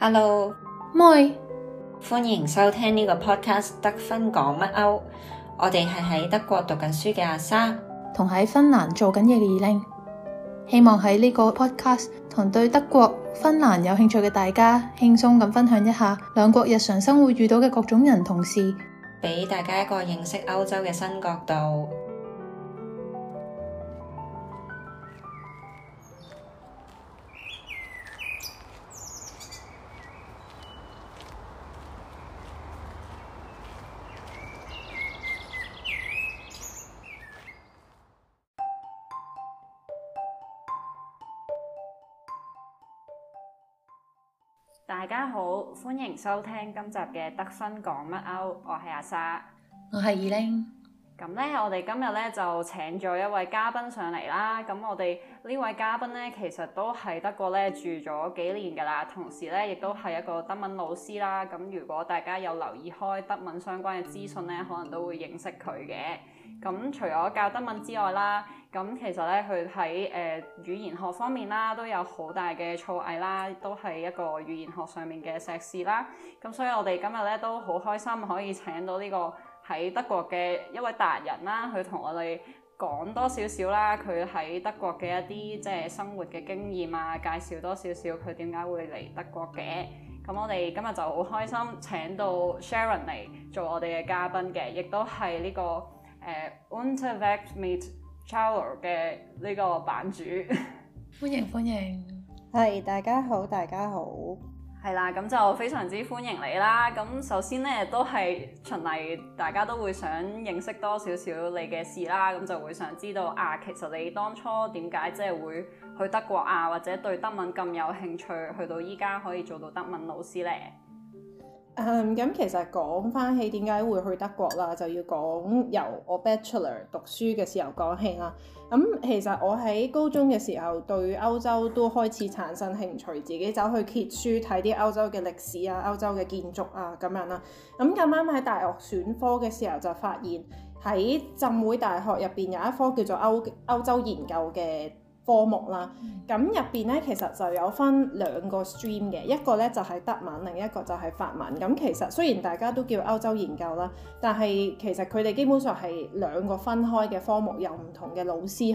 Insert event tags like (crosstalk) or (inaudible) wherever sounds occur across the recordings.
Hello，妹，Moi. 歡迎收聽呢個 podcast，德芬講乜歐？我哋係喺德國讀緊書嘅阿生，同喺芬蘭做緊嘢嘅二拎，希望喺呢個 podcast 同對德國、芬蘭有興趣嘅大家，輕鬆咁分享一下兩國日常生活遇到嘅各種人同事，俾大家一個認識歐洲嘅新角度。大家好，歡迎收聽今集嘅德芬講乜歐，我係阿沙，我係二拎。咁咧，我哋今日咧就請咗一位嘉賓上嚟啦。咁我哋呢位嘉賓咧，其實都喺德國咧住咗幾年噶啦，同時咧亦都係一個德文老師啦。咁如果大家有留意開德文相關嘅資訊咧，可能都會認識佢嘅。咁除咗教德文之外啦，咁其實咧佢喺誒語言學方面啦都有好大嘅造詣啦，都係一個語言學上面嘅碩士啦。咁所以我哋今日咧都好開心可以請到呢個喺德國嘅一位達人啦，佢同我哋講多少少啦，佢喺德國嘅一啲即係生活嘅經驗啊，介紹多少少佢點解會嚟德國嘅。咁我哋今日就好開心請到 Charo 嚟做我哋嘅嘉賓嘅，亦都係呢個。誒 Unterwegs mit Charo 嘅呢個版主，歡迎歡迎，係大家好，大家好，係啦，咁就非常之歡迎你啦。咁首先咧，都係循例，大家都會想認識多少少你嘅事啦。咁就會想知道啊，其實你當初點解即係會去德國啊，或者對德文咁有興趣，去到依家可以做到德文老師咧？咁、嗯、其實講翻起點解會去德國啦，就要講由我 Bachelor 讀書嘅時候講起啦。咁、嗯、其實我喺高中嘅時候對歐洲都開始產生興趣，自己走去揭書睇啲歐洲嘅歷史啊、歐洲嘅建築啊咁樣啦。咁咁啱喺大學選科嘅時候就發現喺浸會大學入邊有一科叫做歐歐洲研究嘅科目啦，咁入邊咧其實就有分兩個 stream 嘅，一個咧就係、是、德文，另一個就係法文。咁其實雖然大家都叫歐洲研究啦，但係其實佢哋基本上係兩個分開嘅科目，由唔同嘅老師去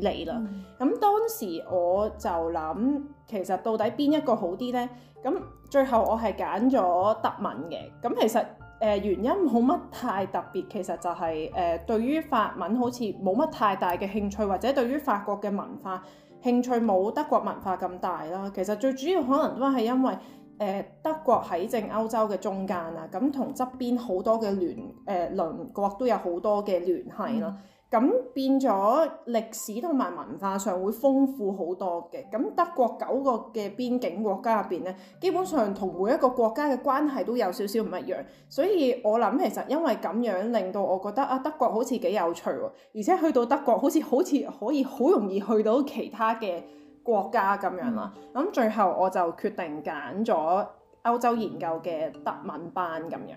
主理啦。咁、嗯、當時我就諗，其實到底邊一個好啲呢？咁最後我係揀咗德文嘅。咁其實。誒原因冇乜太特別，其實就係、是、誒、呃、對於法文好似冇乜太大嘅興趣，或者對於法國嘅文化興趣冇德國文化咁大啦。其實最主要可能都係因為誒、呃、德國喺正歐洲嘅中間啊，咁同側邊好多嘅聯誒鄰國都有好多嘅聯繫啦。嗯咁變咗歷史同埋文化上會豐富好多嘅，咁德國九個嘅邊境國家入邊咧，基本上同每一個國家嘅關係都有少少唔一樣，所以我諗其實因為咁樣令到我覺得啊德國好似幾有趣喎，而且去到德國好似好似可以好容易去到其他嘅國家咁樣啦，咁、嗯、最後我就決定揀咗歐洲研究嘅德文班咁樣，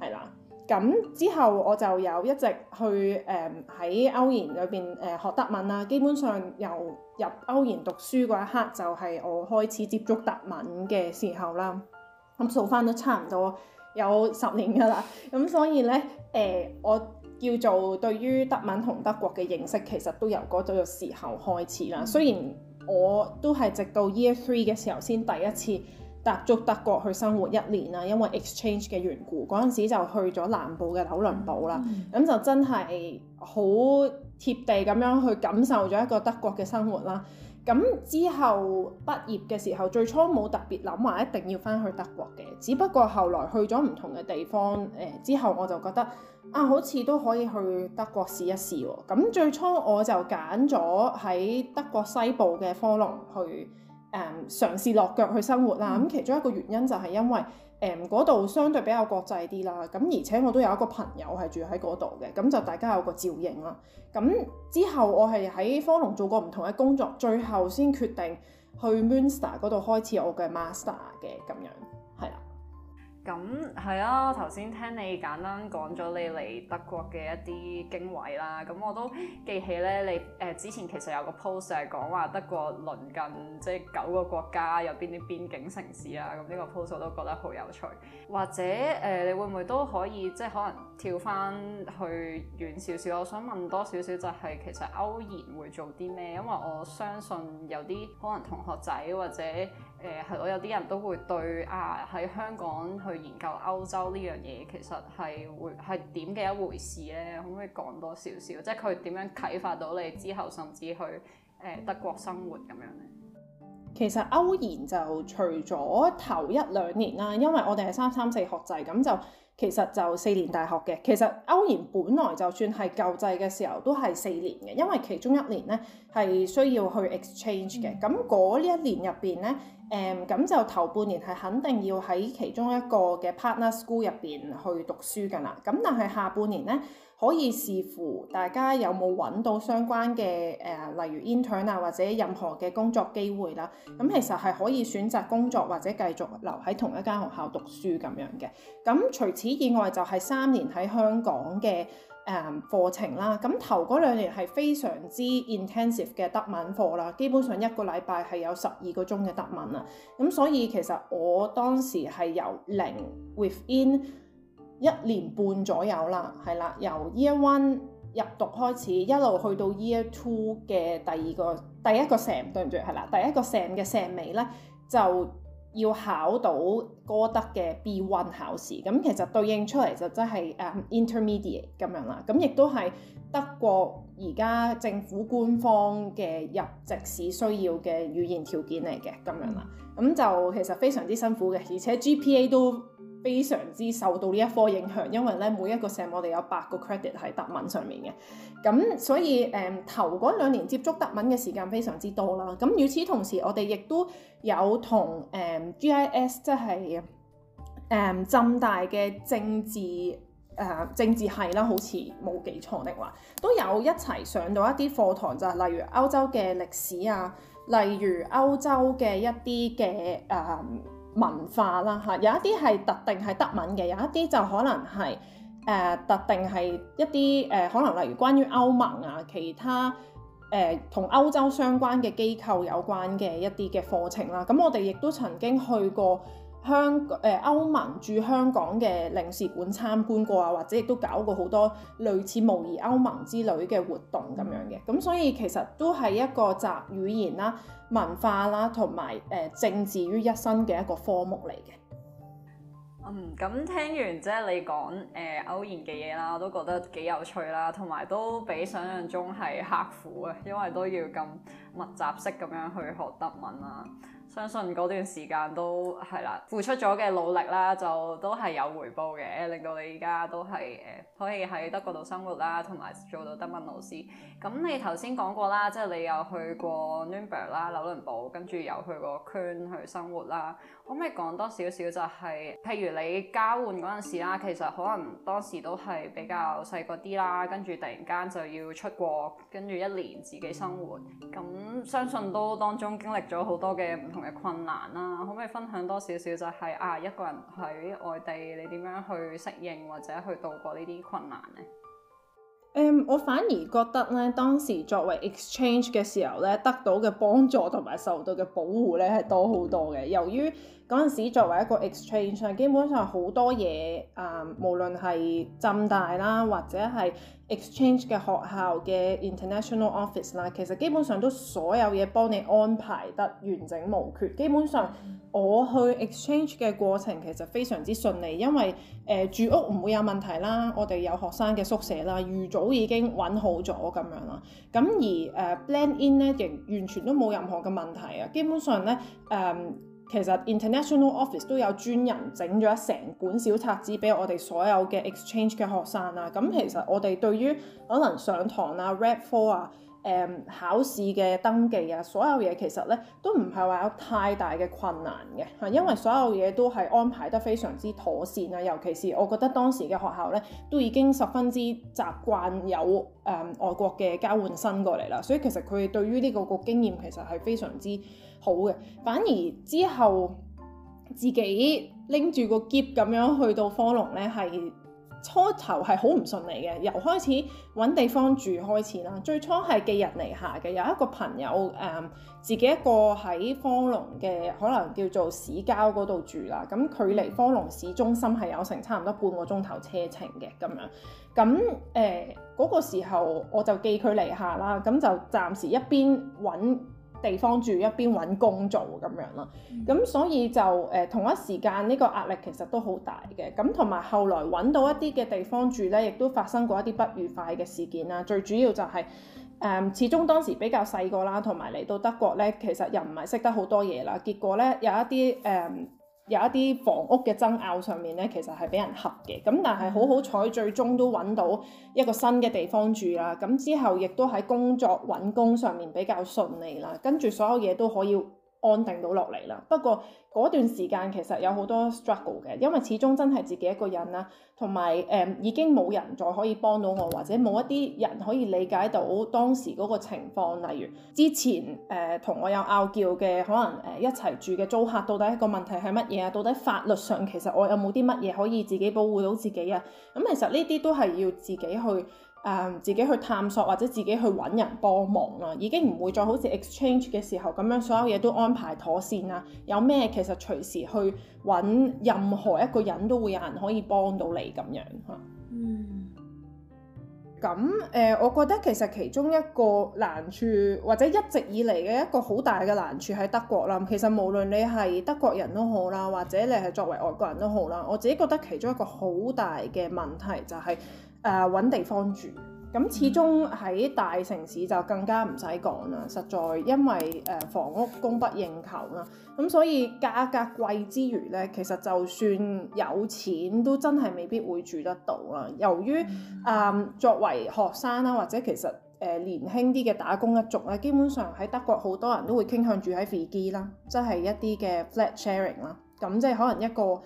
係啦。咁之後我就有一直去誒喺、嗯、歐研裏邊誒學德文啦。基本上由入歐研讀書嗰一刻就係我開始接觸德文嘅時候啦。咁數翻都差唔多有十年噶啦。咁 (laughs) 所以呢，誒、呃，我叫做對於德文同德國嘅認識其實都由嗰個時候開始啦。雖然我都係直到 Year Three 嘅時候先第一次踏足德國去生活一年啦，因為 exchange 嘅緣故，嗰陣時就去咗南部嘅紐倫堡啦，咁、嗯、就真係好貼地咁樣去感受咗一個德國嘅生活啦。咁之後畢業嘅時候，最初冇特別諗話一定要翻去德國嘅，只不過後來去咗唔同嘅地方誒、呃，之後我就覺得啊，好似都可以去德國試一試喎。咁最初我就揀咗喺德國西部嘅科隆去。誒、um，嘗試落腳去生活啦，咁、嗯、其中一個原因就係因為誒嗰度相對比較國際啲啦，咁而且我都有一個朋友係住喺嗰度嘅，咁就大家有個照應啦。咁之後我係喺科隆做過唔同嘅工作，最後先決定去 Münster 嗰度開始我嘅 master 嘅咁樣。咁係啊，頭先聽你簡單講咗你嚟德國嘅一啲經歷啦，咁我都記起咧，你誒、呃、之前其實有個 post 係講話德國鄰近即係九個國家有邊啲邊境城市啊。咁呢個 post 我都覺得好有趣。或者誒、呃，你會唔會都可以即係可能跳翻去遠少少？我想問多少少就係、是、其實歐研會做啲咩？因為我相信有啲可能同學仔或者。誒係我有啲人都會對啊喺香港去研究歐洲呢樣嘢，其實係會係點嘅一回事咧？可唔可以講多少少？即係佢點樣啟發到你之後，甚至去誒、呃、德國生活咁樣咧？其實歐研就除咗頭一兩年啦，因為我哋係三三四學制，咁就其實就四年大學嘅。其實歐研本來就算係舊制嘅時候都係四年嘅，因為其中一年咧。係需要去 exchange 嘅，咁嗰呢一年入邊呢，誒、嗯、咁就頭半年係肯定要喺其中一個嘅 partner school 入邊去讀書㗎啦。咁但係下半年呢，可以視乎大家有冇揾到相關嘅誒、呃，例如 intern 啊或者任何嘅工作機會啦。咁其實係可以選擇工作或者繼續留喺同一間學校讀書咁樣嘅。咁除此以外就係三年喺香港嘅。誒、um, 課程啦，咁頭嗰兩年係非常之 intensive 嘅德文課啦，基本上一個禮拜係有十二個鐘嘅德文啦。咁所以其實我當時係由零 within 一年半左右啦，係啦，由 year one 入讀開始，一路去到 year two 嘅第二個第一個 sem，對唔對？係啦，第一個 sem 嘅 sem 尾咧就。要考到歌德嘅 B1 考試，咁其實對應出嚟就真係誒 intermediate 咁樣啦，咁亦都係德國而家政府官方嘅入籍史需要嘅語言條件嚟嘅咁樣啦，咁就其實非常之辛苦嘅，而且 GPA 都，非常之受到呢一科影響，因為咧每一個 semester 我哋有八個 credit 喺德文上面嘅，咁所以誒、嗯、頭嗰兩年接觸德文嘅時間非常之多啦。咁與此同時，我哋亦都有同誒 GIS 即係誒浸大嘅政治誒、嗯、政治系啦，好似冇記錯的話，都有一齊上到一啲課堂就係、是、例如歐洲嘅歷史啊，例如歐洲嘅一啲嘅誒。嗯文化啦吓，有一啲係特定係德文嘅，有一啲就可能係誒、呃、特定係一啲誒、呃，可能例如關於歐盟啊，其他誒同歐洲相關嘅機構有關嘅一啲嘅課程啦。咁、嗯、我哋亦都曾經去過。香港誒、呃、歐盟駐香港嘅領事館參觀過啊，或者亦都搞過好多類似模擬歐盟之類嘅活動咁樣嘅，咁所以其實都係一個集語言啦、文化啦同埋誒政治於一身嘅一個科目嚟嘅。嗯，咁聽完即係、就是、你講誒、呃、歐研嘅嘢啦，我都覺得幾有趣啦，同埋都比想象中係刻苦啊，因為都要咁密集式咁樣去學德文啦。相信嗰段時間都係啦，付出咗嘅努力啦，就都係有回報嘅，令到你而家都係誒、呃、可以喺德國度生活啦，同埋做到德文老師。咁你頭先講過啦，即係你有去過 Nürnberg 啦、紐倫堡，跟住有去過圈去生活啦。可唔可以講多少少就係，譬如你交換嗰陣時啦，其實可能當時都係比較細個啲啦，跟住突然間就要出國，跟住一年自己生活，咁相信都當中經歷咗好多嘅唔同嘅困難啦。可唔可以分享多少少就係啊，一個人喺外地你點樣去適應或者去度過呢啲困難呢？Um，我反而覺得呢，當時作為 exchange 嘅時候呢，得到嘅幫助同埋受到嘅保護呢，係多好多嘅，由於。嗰陣時作為一個 exchange，基本上好多嘢啊、嗯，無論係浸大啦，或者係 exchange 嘅學校嘅 international office 啦，其實基本上都所有嘢幫你安排得完整無缺。基本上我去 exchange 嘅過程其實非常之順利，因為誒、呃、住屋唔會有問題啦，我哋有學生嘅宿舍啦，預早已經揾好咗咁樣啦。咁而誒、呃、blend in 呢，亦完全都冇任何嘅問題啊。基本上呢。誒、嗯。其實 International Office 都有專人整咗一成本小冊子俾我哋所有嘅 exchange 嘅學生啦、啊，咁、嗯、其實我哋對於可能上堂啊 reg 課啊。誒、um, 考試嘅登記啊，所有嘢其實咧都唔係話有太大嘅困難嘅嚇，因為所有嘢都係安排得非常之妥善啊。尤其是我覺得當時嘅學校咧，都已經十分之習慣有誒、嗯、外國嘅交換生過嚟啦，所以其實佢哋對於呢、這個個經驗其實係非常之好嘅。反而之後自己拎住個篋咁樣去到科隆咧係。初頭係好唔順利嘅，由開始揾地方住開始啦。最初係寄人籬下嘅，有一個朋友誒、嗯，自己一個喺科隆嘅，可能叫做市郊嗰度住啦。咁、嗯、距離科隆市中心係有成差唔多半個鐘頭車程嘅咁樣。咁誒嗰個時候我就寄佢籬下啦，咁、嗯、就暫時一邊揾。地方住一邊揾工做咁樣啦，咁、嗯、所以就誒、呃、同一時間呢、呢個壓力其實都好大嘅，咁同埋後來揾到一啲嘅地方住呢，亦都發生過一啲不愉快嘅事件啦，最主要就係、是、誒、嗯、始終當時比較細個啦，同埋嚟到德國呢，其實又唔係識得好多嘢啦，結果呢，有一啲誒、嗯有一啲房屋嘅爭拗上面咧，其實係俾人恰嘅，咁但係好好彩，最終都揾到一個新嘅地方住啦。咁之後亦都喺工作揾工上面比較順利啦，跟住所有嘢都可以。安定到落嚟啦。不過嗰段時間其實有好多 struggle 嘅，因為始終真係自己一個人啦，同埋誒已經冇人再可以幫到我，或者冇一啲人可以理解到當時嗰個情況。例如之前誒同、呃、我有拗撬嘅，可能誒、呃、一齊住嘅租客，到底一個問題係乜嘢啊？到底法律上其實我有冇啲乜嘢可以自己保護到自己啊？咁、嗯、其實呢啲都係要自己去。誒、um, 自己去探索或者自己去揾人幫忙啦，已經唔會再好似 exchange 嘅時候咁樣，所有嘢都安排妥善啦。有咩其實隨時去揾任何一個人都會有人可以幫到你咁樣嚇。咁誒、嗯呃，我覺得其實其中一個難處或者一直以嚟嘅一個好大嘅難處喺德國啦。其實無論你係德國人都好啦，或者你係作為外國人都好啦，我自己覺得其中一個好大嘅問題就係、是。誒揾、uh, 地方住，咁始終喺大城市就更加唔使講啦。實在因為誒、呃、房屋供不應求啦，咁所以價格貴之餘呢，其實就算有錢都真係未必會住得到啦。由於誒、呃、作為學生啦，或者其實誒、呃、年輕啲嘅打工一族咧，基本上喺德國好多人都會傾向住喺 WG 啦，即係一啲嘅 flat sharing 啦，咁即係可能一個。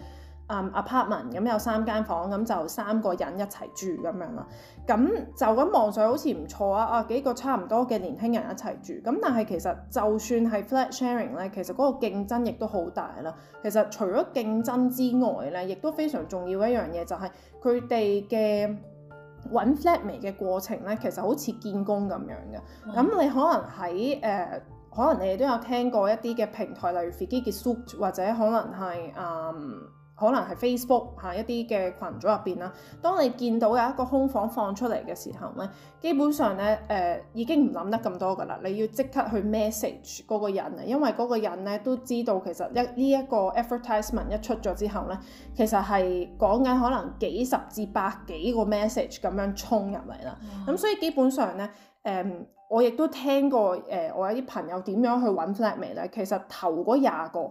誒、um, apartment 咁、um, 有三間房，咁、um, 就三個人一齊住咁樣啦。咁就咁望上好似唔錯啊！啊幾個差唔多嘅年輕人一齊住咁，但係其實就算係 flat sharing 咧，其實嗰個競爭亦都好大啦。其實除咗競爭之外咧，亦都非常重要一樣嘢就係佢哋嘅揾 flatmate 嘅過程咧，其實好似見工咁樣嘅。咁、嗯、你可能喺誒，uh, 可能你哋都有聽過一啲嘅平台，例如 figgy ik 的 sup 或者可能係嗯。Um, 可能係 Facebook 嚇、啊、一啲嘅群組入邊啦。當你見到有一個空房放出嚟嘅時候咧，基本上咧誒、呃、已經唔諗得咁多㗎啦。你要即刻去 message 嗰個人啊，因為嗰個人咧都知道其實一呢一、這個 advertisement 一出咗之後咧，其實係講緊可能幾十至百幾個 message 咁樣衝入嚟啦。咁、嗯、所以基本上咧誒、呃，我亦都聽過誒、呃、我有啲朋友點樣去揾 flatmate。其實頭嗰廿個。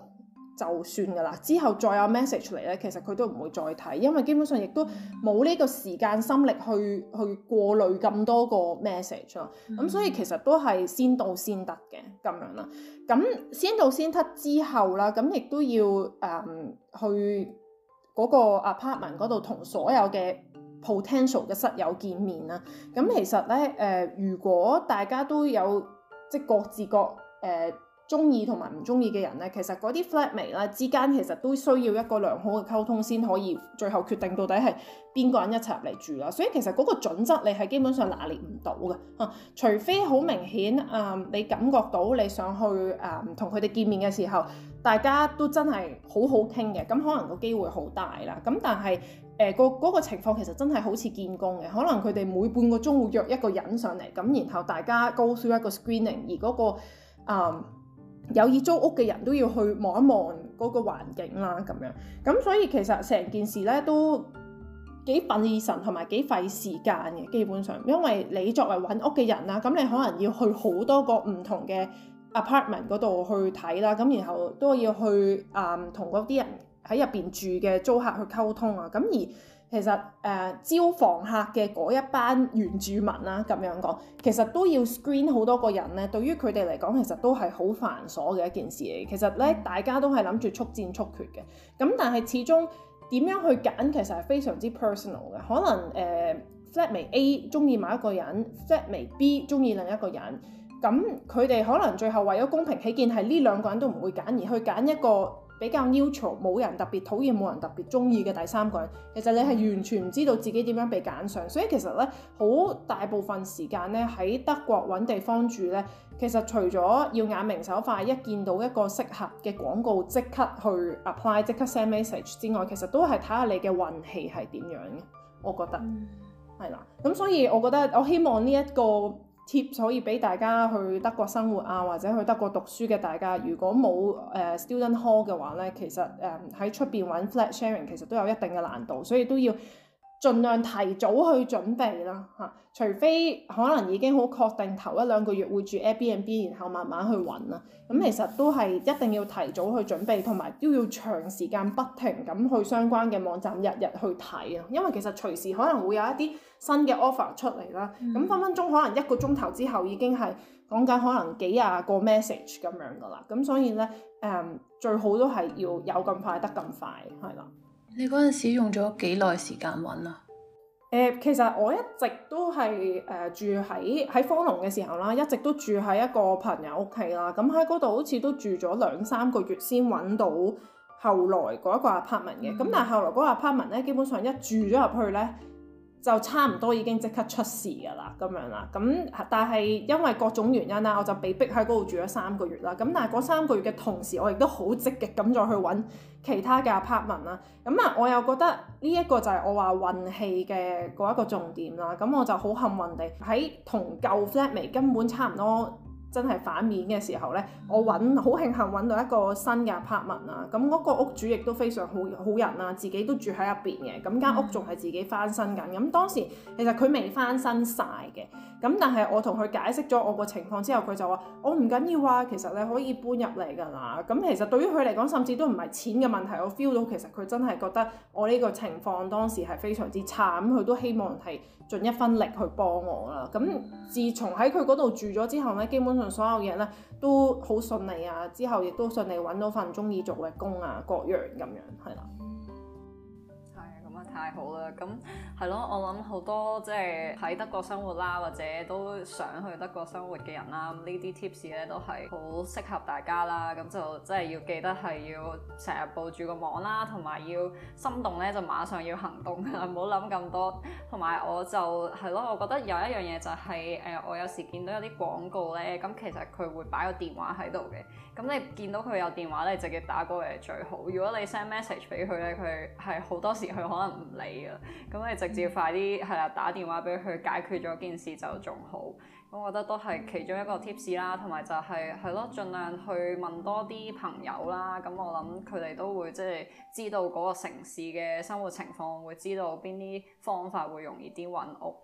就算噶啦，之後再有 message 出嚟咧，其實佢都唔會再睇，因為基本上亦都冇呢個時間心力去去過濾咁多個 message 咯。咁、嗯、所以其實都係先到先得嘅咁樣啦。咁先到先得之後啦，咁亦都要誒、呃、去嗰個 apartment 嗰度同所有嘅 potential 嘅室友見面啦。咁其實咧誒、呃，如果大家都有即係各自各誒。呃中意同埋唔中意嘅人咧，其實嗰啲 flatmate 啦，之間其實都需要一個良好嘅溝通先可以最後決定到底係邊個人一齊入嚟住啦。所以其實嗰個準則你係基本上拿捏唔到嘅嚇，除非好明顯啊、呃，你感覺到你想去啊同佢哋見面嘅時候，大家都真係好好傾嘅，咁、嗯、可能個機會好大啦。咁、嗯、但係誒、呃那個嗰、那個情況其實真係好似見工嘅，可能佢哋每半個鐘會約一個人上嚟，咁、嗯、然後大家 go through 一個 screening，而嗰、那個啊。呃有意租屋嘅人都要去望一望嗰個環境啦，咁樣咁、嗯、所以其實成件事咧都幾費神同埋幾費時間嘅，基本上因為你作為揾屋嘅人啦，咁、嗯、你可能要去好多個唔同嘅 apartment 嗰度去睇啦，咁、嗯、然後都要去啊同嗰啲人喺入邊住嘅租客去溝通啊，咁、嗯、而。其實誒、呃、招房客嘅嗰一班原住民啦、啊，咁樣講，其實都要 screen 好多個人咧。對於佢哋嚟講，其實都係好繁瑣嘅一件事嚟。其實咧，大家都係諗住速戰速決嘅。咁但係始終點樣去揀，其實係非常之 personal 嘅。可能誒 flatmate A 中意某一個人，flatmate B 中意另一個人。咁佢哋可能最後為咗公平起見，係呢兩個人都唔會揀，而去揀一個。比較 neutral，冇人特別討厭，冇人特別中意嘅第三個人，其實你係完全唔知道自己點樣被揀上。所以其實咧，好大部分時間咧喺德國揾地方住咧，其實除咗要眼明手快，一見到一個適合嘅廣告即刻去 apply，即刻 send message 之外，其實都係睇下你嘅運氣係點樣嘅，我覺得係啦。咁、嗯、所以我覺得我希望呢、這、一個 tips 可以俾大家去德國生活啊，或者去德國讀書嘅大家，如果冇誒、uh, student hall 嘅話呢，其實誒喺出邊揾 flat sharing 其實都有一定嘅難度，所以都要，盡量提早去準備啦，嚇！除非可能已經好確定，頭一兩個月會住 Airbnb，然後慢慢去揾啦。咁、嗯、其實都係一定要提早去準備，同埋都要長時間不停咁去相關嘅網站日日去睇啊。因為其實隨時可能會有一啲新嘅 offer 出嚟啦，咁、嗯、分分鐘可能一個鐘頭之後已經係講緊可能幾廿個 message 咁樣噶啦。咁所以呢，誒、嗯、最好都係要有咁快得咁快，係啦。你嗰陣時用咗幾耐時間揾啊？其實我一直都係誒、呃、住喺喺科隆嘅時候啦，一直都住喺一個朋友屋企啦。咁喺嗰度好似都住咗兩三個月先揾到後來嗰個 apartment 嘅。咁、嗯、但係後來嗰個 apartment 咧，基本上一住咗入去呢。就差唔多已經即刻出事㗎啦，咁樣啦，咁但係因為各種原因啦，我就被迫喺嗰度住咗三個月啦，咁但係嗰三個月嘅同時，我亦都好積極咁再去揾其他嘅 apartment 啦，咁、嗯、啊我又覺得呢一個就係我話運氣嘅嗰一個重點啦，咁、嗯、我就好幸運地喺同舊 flat 咪根本差唔多。真係反面嘅時候咧，我揾好慶幸揾到一個新嘅 apartment 啊！咁嗰個屋主亦都非常好好人啊，自己都住喺入邊嘅，咁間屋仲係自己翻新緊，咁當時其實佢未翻新晒嘅，咁但係我同佢解釋咗我個情況之後，佢就話我唔緊要啊，其實你可以搬入嚟噶啦。咁其實對於佢嚟講甚至都唔係錢嘅問題，我 feel 到其實佢真係覺得我呢個情況當時係非常之差，咁佢都希望係盡一分力去幫我啦。咁自從喺佢嗰度住咗之後咧，基本所有嘢咧都好順利啊！之後亦都順利揾到份中意做嘅工啊，各樣咁樣，係啦。太好啦，咁係咯，我諗好多即係喺德國生活啦，或者都想去德國生活嘅人啦，咁呢啲 tips 咧都係好適合大家啦，咁就即係要記得係要成日抱住個網啦，同埋要心動咧就馬上要行動，唔好諗咁多。同埋我就係咯，我覺得有一樣嘢就係、是、誒、呃，我有時見到有啲廣告咧，咁其實佢會擺個電話喺度嘅，咁你見到佢有電話咧，直接打過嚟最好。如果你 send message 俾佢咧，佢係好多時佢可能。唔理啊，咁你直接快啲係啦，打電話俾佢解決咗件事就仲好。我覺得都係其中一個 tips 啦，同埋就係係咯，盡量去問多啲朋友啦。咁我諗佢哋都會即係、就是、知道嗰個城市嘅生活情況，會知道邊啲方法會容易啲揾屋。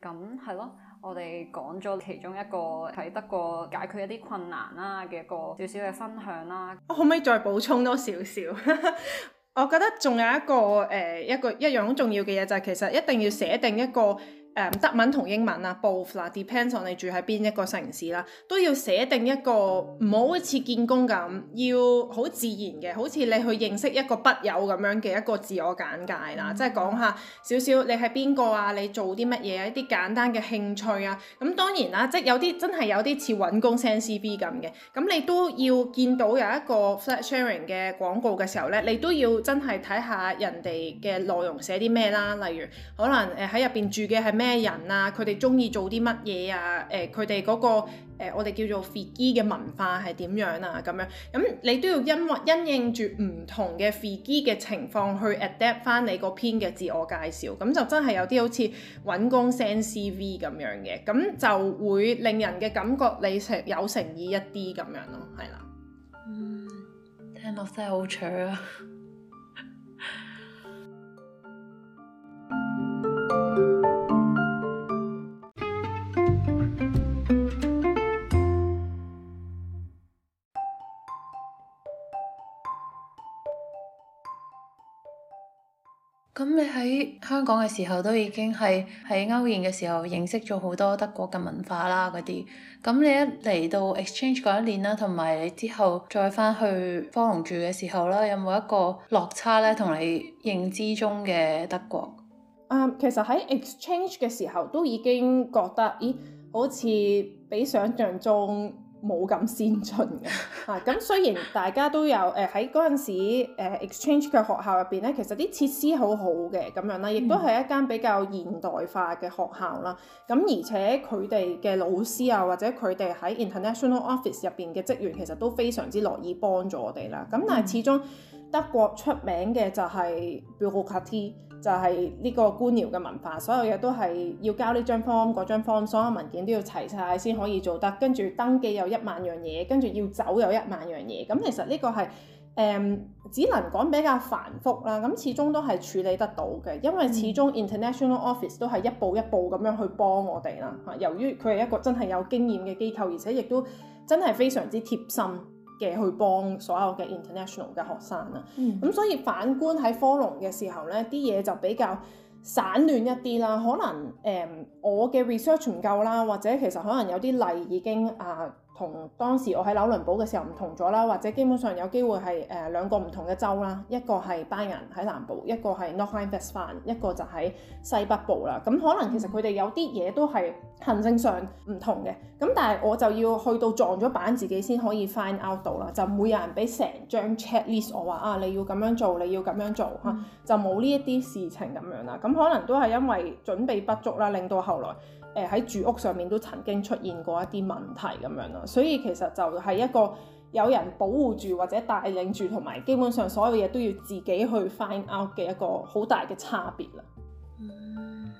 咁係咯，我哋講咗其中一個喺德國解決一啲困難啦嘅一個少少嘅分享啦。我可唔可以再補充多少少？ (laughs) 我覺得仲有一個誒、呃、一個一樣好重要嘅嘢，就係其實一定要寫定一個。誒德文同英文啊，both 啦，depends on 你住喺邊一個城市啦，都要寫定一個，唔好好似見工咁，要好自然嘅，好似你去認識一個筆友咁樣嘅一個自我簡介啦，嗯、即係講下少少你係邊個啊，你做啲乜嘢，啊，一啲簡單嘅興趣啊，咁、嗯、當然啦，即係有啲真係有啲似揾工 send CV 咁嘅，咁、嗯、你都要見到有一個 flat sharing 嘅廣告嘅時候咧，你都要真係睇下人哋嘅內容寫啲咩啦，例如可能誒喺入邊住嘅係咩？咩人啊？佢哋中意做啲乜嘢啊？誒、呃，佢哋嗰個、呃、我哋叫做 f i 嘅文化係點樣啊？咁樣咁你都要因因應住唔同嘅 f i 嘅情況去 adapt 返你個篇嘅自我介紹，咁就真係有啲好似揾工 send CV 咁樣嘅，咁就會令人嘅感覺你成有誠意一啲咁樣咯，係啦。嗯，聽落真係好啊。咁你喺香港嘅時候都已經係喺歐研嘅時候認識咗好多德國嘅文化啦、嗰啲，咁你一嚟到 exchange 嗰一年啦，同埋你之後再翻去科隆住嘅時候啦，有冇一個落差咧？同你認知中嘅德國？誒，um, 其實喺 exchange 嘅時候都已經覺得，咦，好似比想像中。冇咁先進嘅 (laughs) 啊！咁雖然大家都有誒喺嗰陣時 exchange 嘅、呃、學校入邊咧，其實啲設施好好嘅咁樣啦，亦都係一間比較現代化嘅學校啦。咁、啊、而且佢哋嘅老師啊，或者佢哋喺 international office 入邊嘅職員，其實都非常之樂意幫助我哋啦。咁、啊、但係始終德國出名嘅就係 Bürokratie。就係呢個官僚嘅文化，所有嘢都係要交呢張 form 嗰張 form 所有文件都要齊晒先可以做得。跟住登記有一萬樣嘢，跟住要走有一萬樣嘢。咁、嗯、其實呢個係誒、嗯、只能講比較繁複啦。咁始終都係處理得到嘅，因為始終 international office 都係一步一步咁樣去幫我哋啦。嚇，由於佢係一個真係有經驗嘅機構，而且亦都真係非常之貼心。嘅去幫所有嘅 international 嘅學生啦，咁、嗯、所以反觀喺科隆嘅時候呢啲嘢就比較散亂一啲啦。可能誒、嗯，我嘅 research 唔 (music) 夠啦，或者其實可能有啲例已經啊。呃同當時我喺紐倫堡嘅時候唔同咗啦，或者基本上有機會係誒、呃、兩個唔同嘅州啦，一個係 Bayern 喺南部，一個係 Nordrhein-Westfalen，一個就喺西北部啦。咁可能其實佢哋有啲嘢都係行政上唔同嘅，咁但係我就要去到撞咗板自己先可以 find out 到啦。就唔會有人俾成張 check list 我話啊，你要咁樣做，你要咁樣做嚇、嗯啊，就冇呢一啲事情咁樣啦。咁可能都係因為準備不足啦，令到後來。誒喺住屋上面都曾經出現過一啲問題咁樣啦，所以其實就係一個有人保護住或者帶領住，同埋基本上所有嘢都要自己去 find out 嘅一個好大嘅差別啦。咁、嗯、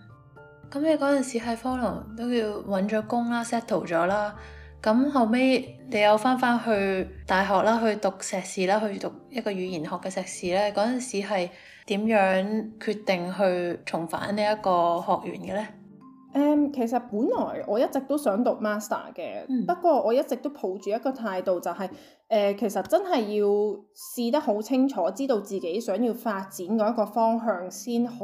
你嗰陣時喺 Follow 都要揾咗工啦，settle 咗啦。咁後尾你又翻翻去大學啦，去讀碩士啦，去讀一個語言學嘅碩士咧。嗰陣時係點樣決定去重返呢一個學院嘅呢？Um, 其實本來我一直都想讀 master 嘅、嗯，不過我一直都抱住一個態度、就是，就係誒，其實真係要試得好清楚，知道自己想要發展嗰一個方向先好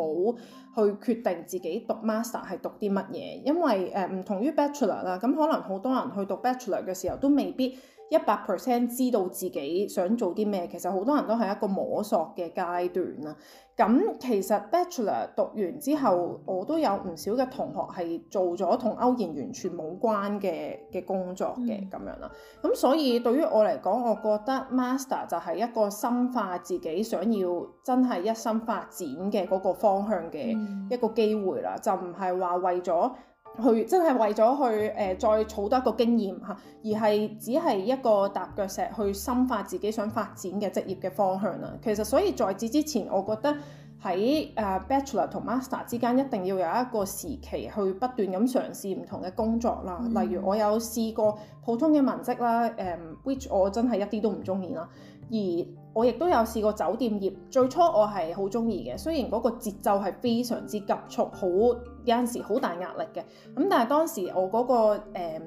去決定自己讀 master 係讀啲乜嘢，因為誒唔、呃、同於 bachelor 啦，咁可能好多人去讀 bachelor 嘅時候都未必。一百 percent 知道自己想做啲咩，其實好多人都係一個摸索嘅階段啦。咁其實 bachelor 讀完之後，我都有唔少嘅同學係做咗同歐研完全冇關嘅嘅工作嘅咁、嗯、樣啦。咁所以對於我嚟講，我覺得 master 就係一個深化自己想要真係一心發展嘅嗰個方向嘅一個機會啦，嗯、就唔係話為咗。去真係為咗去誒、呃、再儲多一個經驗嚇、啊，而係只係一個踏腳石去深化自己想發展嘅職業嘅方向啦、啊。其實所以在此之前，我覺得喺誒、呃、bachelor 同 master 之間一定要有一個時期去不斷咁嘗試唔同嘅工作啦。啊嗯、例如我有試過普通嘅文職啦，誒、啊、which 我真係一啲都唔中意啦。而我亦都有試過酒店業，最初我係好中意嘅，雖然嗰個節奏係非常之急促，好～有陣時好大壓力嘅，咁但係當時我嗰、那個誒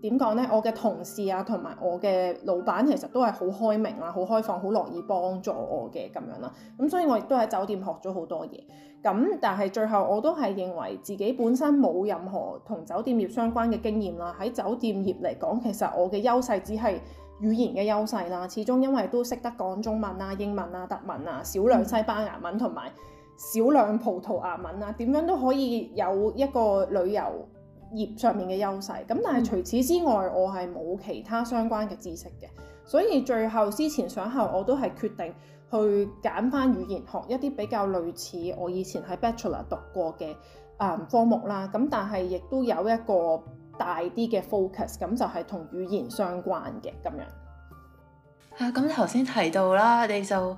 點講呢？我嘅同事啊，同埋我嘅老闆其實都係好開明啊，好開放，好樂意幫助我嘅咁樣啦、啊。咁、嗯、所以我亦都喺酒店學咗好多嘢。咁但係最後我都係認為自己本身冇任何同酒店業相關嘅經驗啦。喺酒店業嚟講，其實我嘅優勢只係語言嘅優勢啦。始終因為都識得講中文啊、英文啊、德文啊、少量西班牙文同埋，嗯少量葡萄牙文啊，點樣都可以有一個旅遊業上面嘅優勢。咁但係除此之外，我係冇其他相關嘅知識嘅。所以最後思前想後，我都係決定去揀翻語言，學一啲比較類似我以前喺 Bachelor 讀過嘅誒、嗯、科目啦。咁但係亦都有一個大啲嘅 focus，咁就係同語言相關嘅咁樣。啊，咁頭先提到啦，你就。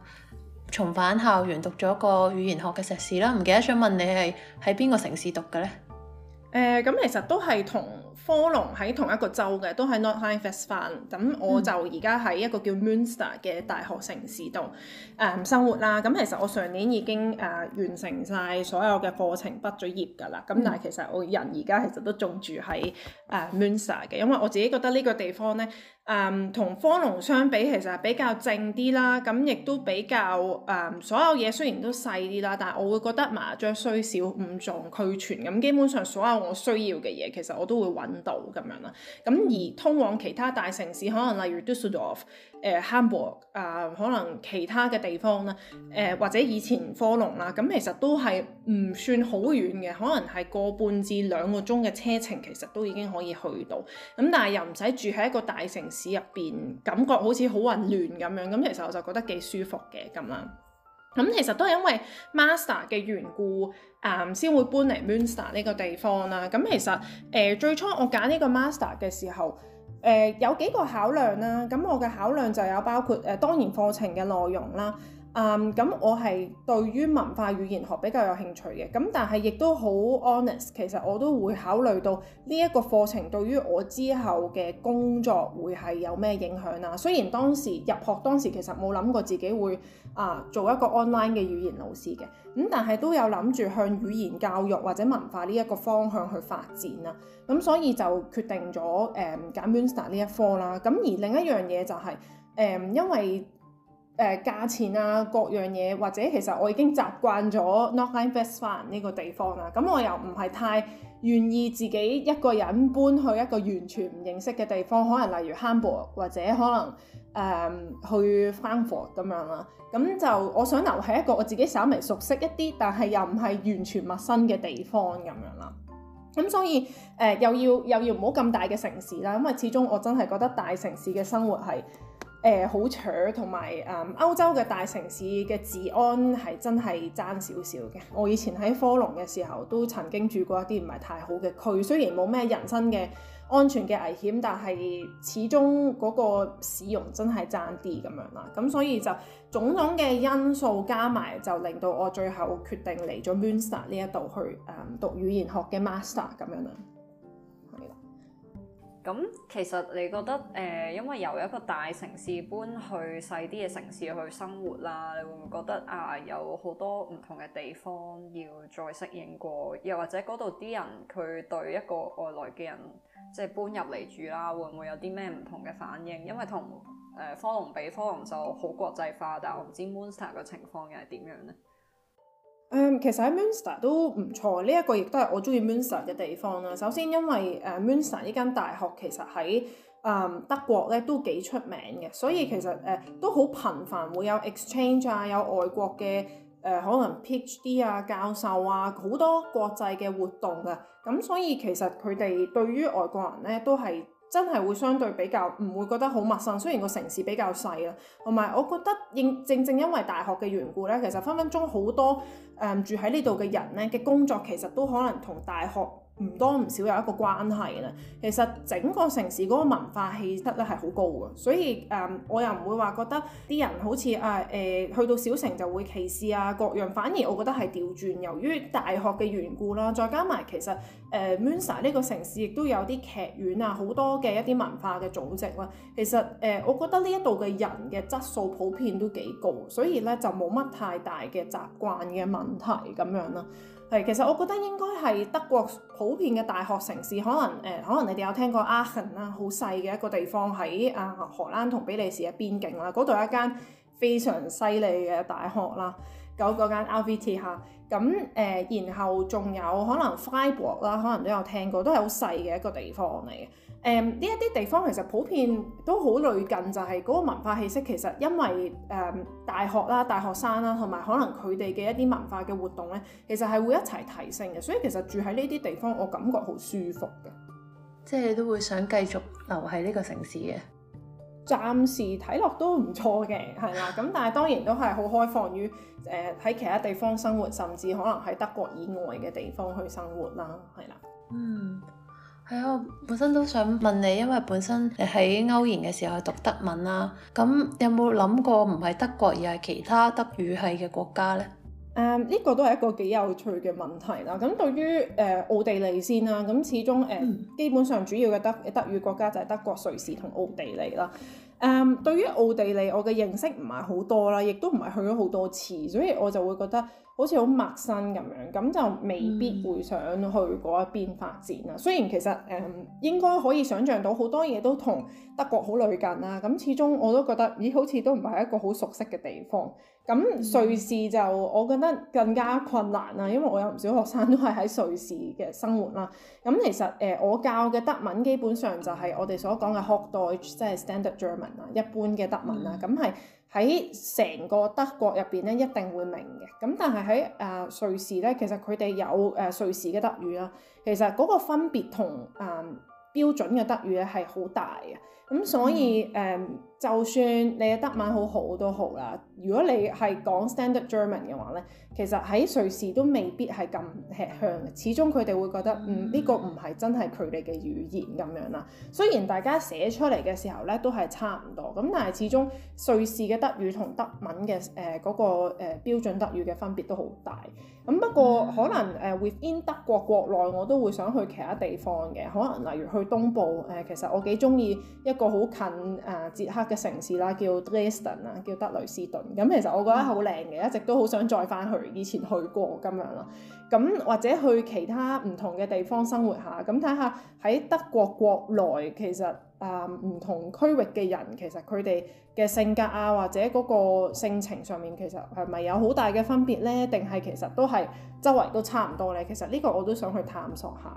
重返校園讀咗個語言學嘅碩士啦，唔記得想問你係喺邊個城市讀嘅呢？咁、呃嗯、其實都係同科隆喺同一個州嘅，都係 Nordrhein-Westfalen。咁我就而家喺一個叫 Münster 嘅大學城市度誒、呃、生活啦。咁、嗯、其實我上年已經誒、呃、完成晒所有嘅課程，畢咗業㗎啦。咁、嗯、但係其實我人而家其實都仲住喺誒 Münster 嘅，因為我自己覺得呢個地方呢，誒、呃、同科隆相比，其實比較靜啲啦。咁、呃、亦都比較誒、呃、所有嘢雖然都細啲啦，但係我會覺得麻雀雖小五臟俱全。咁、嗯、基本上所有我需要嘅嘢，其實我都會揾度咁樣啦，咁而通往其他大城市，可能例如 Düsseldorf、呃、誒 Hamburg 啊、呃，可能其他嘅地方啦，誒、呃、或者以前科隆啦，咁其實都係唔算好遠嘅，可能係個半至兩個鐘嘅車程，其實都已經可以去到。咁但係又唔使住喺一個大城市入邊，感覺好似好混亂咁樣。咁其實我就覺得幾舒服嘅咁啦。咁、嗯、其實都係因為 Master 嘅緣故，誒、嗯、先會搬嚟 Münster 呢個地方啦。咁、嗯、其實誒、呃、最初我揀呢個 Master 嘅時候，誒、呃、有幾個考量啦。咁、嗯、我嘅考量就有包括誒、呃、當然課程嘅內容啦。誒咁、um, 我係對於文化語言學比較有興趣嘅，咁但係亦都好 honest，其實我都會考慮到呢一個課程對於我之後嘅工作會係有咩影響啊。雖然當時入學當時其實冇諗過自己會啊做一個 online 嘅語言老師嘅，咁、嗯、但係都有諗住向語言教育或者文化呢一個方向去發展啦。咁所以就決定咗誒揀 Münster 呢一科啦。咁、嗯、而另一樣嘢就係、是、誒、嗯、因為。誒、呃、價錢啊，各樣嘢，或者其實我已經習慣咗 Nordrhein-Westfalen 呢個地方啦。咁我又唔係太願意自己一個人搬去一個完全唔認識嘅地方，可能例如 Hamburg，或者可能誒、呃、去 Frankfurt 咁樣啦。咁就我想留喺一個我自己稍微熟悉一啲，但係又唔係完全陌生嘅地方咁樣啦。咁所以誒、呃、又要又要唔好咁大嘅城市啦，因為始終我真係覺得大城市嘅生活係。誒、呃、好扯，同埋誒歐洲嘅大城市嘅治安係真係爭少少嘅。我以前喺科隆嘅時候都曾經住過一啲唔係太好嘅區，雖然冇咩人身嘅安全嘅危險，但係始終嗰個市容真係爭啲咁樣啦。咁所以就種種嘅因素加埋，就令到我最後決定嚟咗 Münster 呢一度去誒、嗯、讀語言學嘅 master 咁樣啦。咁其實你覺得誒、呃，因為由一個大城市搬去細啲嘅城市去生活啦，你會唔會覺得啊，有好多唔同嘅地方要再適應過？又或者嗰度啲人佢對一個外來嘅人即係搬入嚟住啦，會唔會有啲咩唔同嘅反應？因為同誒、呃、科隆比科隆就好國際化，但係我唔知 Münster 嘅情況又係點樣呢？Um, 其實喺 Münster 都唔錯，呢、這、一個亦都係我中意 Münster 嘅地方啦、啊。首先，因為誒、uh, Münster 呢間大學其實喺誒、um, 德國咧都幾出名嘅，所以其實誒、uh, 都好頻繁會有 exchange 啊，有外國嘅誒、uh, 可能 PhD 啊教授啊好多國際嘅活動嘅、啊，咁所以其實佢哋對於外國人咧都係。真係會相對比較唔會覺得好陌生，雖然個城市比較細呀，同埋我覺得應正正因為大學嘅緣故咧，其實分分鐘好多誒、呃、住喺呢度嘅人咧嘅工作其實都可能同大學。唔多唔少有一個關係啦。其實整個城市嗰個文化氣質咧係好高嘅，所以誒、呃、我又唔會話覺得啲人好似啊誒、呃、去到小城就會歧視啊各樣。反而我覺得係調轉，由於大學嘅緣故啦，再加埋其實誒 Münster 呢個城市亦都有啲劇院啊，好多嘅一啲文化嘅組織啦。其實誒、呃，我覺得呢一度嘅人嘅質素普遍都幾高，所以咧就冇乜太大嘅習慣嘅問題咁樣啦。係，其實我覺得應該係德國普遍嘅大學城市，可能誒、呃，可能你哋有聽過阿肯啦，好細嘅一個地方喺啊荷蘭同比利時嘅邊境啦，嗰、啊、度有一間非常犀利嘅大學啦，就嗰間 RVT 嚇。咁誒、呃，然後仲有可能斐博啦，可能都有聽過，都係好細嘅一個地方嚟嘅。誒呢一啲地方其實普遍都好類近，就係嗰個文化氣息。其實因為誒、呃、大學啦、大學生啦，同埋可能佢哋嘅一啲文化嘅活動咧，其實係會一齊提升嘅。所以其實住喺呢啲地方，我感覺好舒服嘅。即係你都會想繼續留喺呢個城市嘅。暫時睇落都唔錯嘅，係啦。咁但係當然都係好開放於誒喺、呃、其他地方生活，甚至可能喺德國以外嘅地方去生活啦，係啦。嗯，係啊。我本身都想問你，因為本身你喺歐研嘅時候讀德文啦，咁有冇諗過唔係德國，而係其他德語係嘅國家呢？誒呢、um, 個都係一個幾有趣嘅問題啦。咁對於誒奧地利先啦，咁始終誒、嗯、基本上主要嘅德德語國家就係德國、瑞士同奧地利啦。誒、嗯、對於奧地利，我嘅認識唔係好多啦，亦都唔係去咗好多次，所以我就會覺得好似好陌生咁樣，咁就未必會想去嗰一邊發展啦。嗯、雖然其實誒、嗯、應該可以想像到好多嘢都同德國好類近啦，咁始終我都覺得咦好似都唔係一個好熟悉嘅地方。咁瑞士就我覺得更加困難啦，因為我有唔少學生都係喺瑞士嘅生活啦。咁其實誒、呃、我教嘅德文基本上就係我哋所講嘅 Hochdeutsch，即係 Standard German 啊，一般嘅德文啦。咁係喺成個德國入邊咧一定會明嘅。咁但係喺誒瑞士咧，其實佢哋有誒、呃、瑞士嘅德語啦。其實嗰個分別同誒、呃、標準嘅德語咧係好大嘅。咁所以誒、嗯就算你嘅德文好好都好啦，如果你係講 Standard German 嘅話咧，其實喺瑞士都未必係咁吃香，始終佢哋會覺得嗯呢、這個唔係真係佢哋嘅語言咁樣啦。雖然大家寫出嚟嘅時候咧都係差唔多，咁但係始終瑞士嘅德語同德文嘅誒、呃那個誒、呃、標準德語嘅分別都好大。咁不過可能誒、呃、within 德國國內我都會想去其他地方嘅，可能例如去東部誒、呃、其實我幾中意一個好近誒、呃、捷克。嘅城市啦，叫 Dresden 啊，叫德雷斯頓，咁其實我覺得好靚嘅，嗯、一直都好想再翻去。以前去過，咁樣啦，咁或者去其他唔同嘅地方生活下，咁睇下喺德國國內其實啊唔、嗯、唔同區域嘅人，其實佢哋嘅性格啊，或者嗰個性情上面其實係咪有好大嘅分別咧？定係其實都係周圍都差唔多咧？其實呢個我都想去探索下。